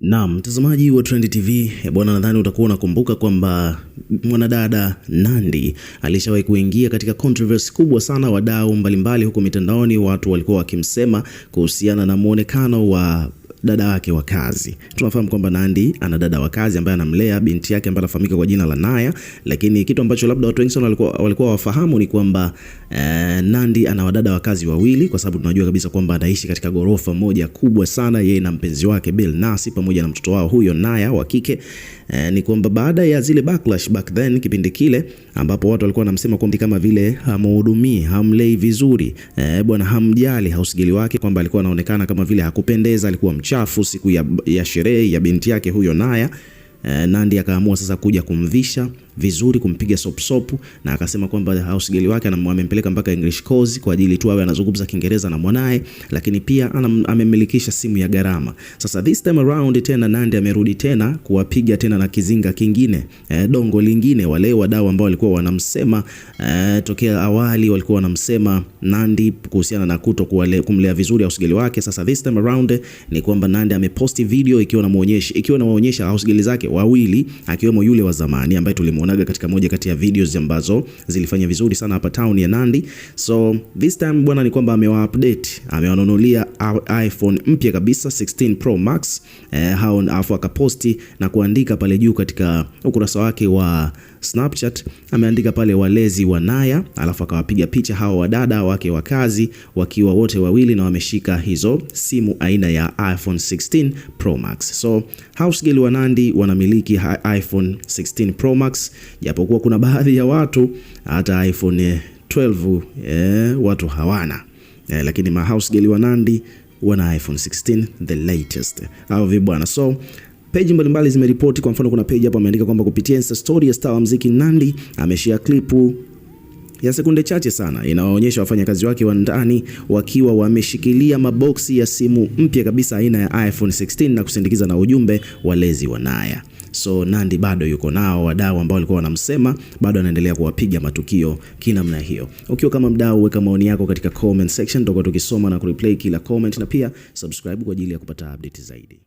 Na mtazamaji wa Trend TV eh, bwana, nadhani utakuwa unakumbuka kwamba mwanadada Nandy alishawahi kuingia katika controversy kubwa sana, wadau mbalimbali huko mitandaoni, watu walikuwa wakimsema kuhusiana na mwonekano wa dada wake wa kazi. Tunafahamu kwamba Nandi ana dada wa kazi ambaye anamlea binti yake ambaye anafahamika kwa jina la Naya, lakini kitu ambacho labda watu wengi sana walikuwa walikuwa wafahamu ni kwamba eh, Nandi ana wadada wa kazi wawili, kwa sababu tunajua kabisa kwamba anaishi katika gorofa moja kubwa sana, yeye na mpenzi wake Bill Nasi pamoja na mtoto wao huyo Naya wa kike. Eh, ni kwamba baada ya zile backlash back then, kipindi kile ambapo watu walikuwa wanamsema kwamba kama vile hamhudumii, hamlei vizuri, eh, bwana hamjali, hausigili wake kwamba alikuwa anaonekana kama vile hakupendeza, alikuwa uchafu siku ya, ya sherehe ya binti yake huyo Naya. E, eh, Nandi akaamua sasa kuja kumvisha vizuri kumpiga sopsopu, na akasema kwamba house girl wake amempeleka mpaka English course kwa ajili tu awe anazungumza Kiingereza na mwanae, lakini pia amemilikisha simu ya gharama. Sasa this time around tena Nandi amerudi tena kuwapiga tena na kizinga kingine eh, dongo lingine. Wale wadau ambao walikuwa wanamsema eh, tokea awali walikuwa wanamsema Nandi kuhusiana na kuto kuwale, kumlea vizuri house girl wake. Sasa this time around ni kwamba Nandi ameposti video ikiwa na muonyesha ikiwa na muonyesha house girl zake wawili akiwemo yule wa zamani ambaye tulimuona nimeonaga katika moja kati ya videos ambazo zilifanya vizuri sana hapa town ya Nandi. So this time bwana ni kwamba amewa update, amewanunulia iPhone mpya kabisa 16 Pro Max eh, hao afu akaposti na kuandika pale juu katika ukurasa wake wa Snapchat ameandika pale walezi wa Naya, alafu akawapiga picha hawa wadada wake wa kazi wakiwa wote wawili na wameshika hizo simu aina ya iPhone 16 Pro Max. So house girl wa Nandi wanamiliki iPhone 16 Pro Max japokuwa kuna baadhi ya watu hata iPhone 12 eh, watu hawana eh, lakini ma house girl wa Nandi wana iPhone 16 the latest au vi bwana. So peji mbalimbali zimeripoti, kwa mfano kuna peji hapa ameandika kwamba kupitia Insta story ya star wa mziki Nandi ameshare klipu ya sekunde chache sana inaonyesha wafanyakazi wake wa ndani wakiwa wameshikilia maboksi ya simu mpya kabisa aina ya iPhone 16 na kusindikiza na ujumbe walezi wanaya. So Nandi bado yuko nao wadau ambao walikuwa wanamsema, bado anaendelea kuwapiga matukio kila hiyo. Ukiwa kama mdau, weka maoni yako katika comment section, tutakuwa tukisoma na kureplay kila comment, na pia subscribe kwa ajili ya kupata update zaidi.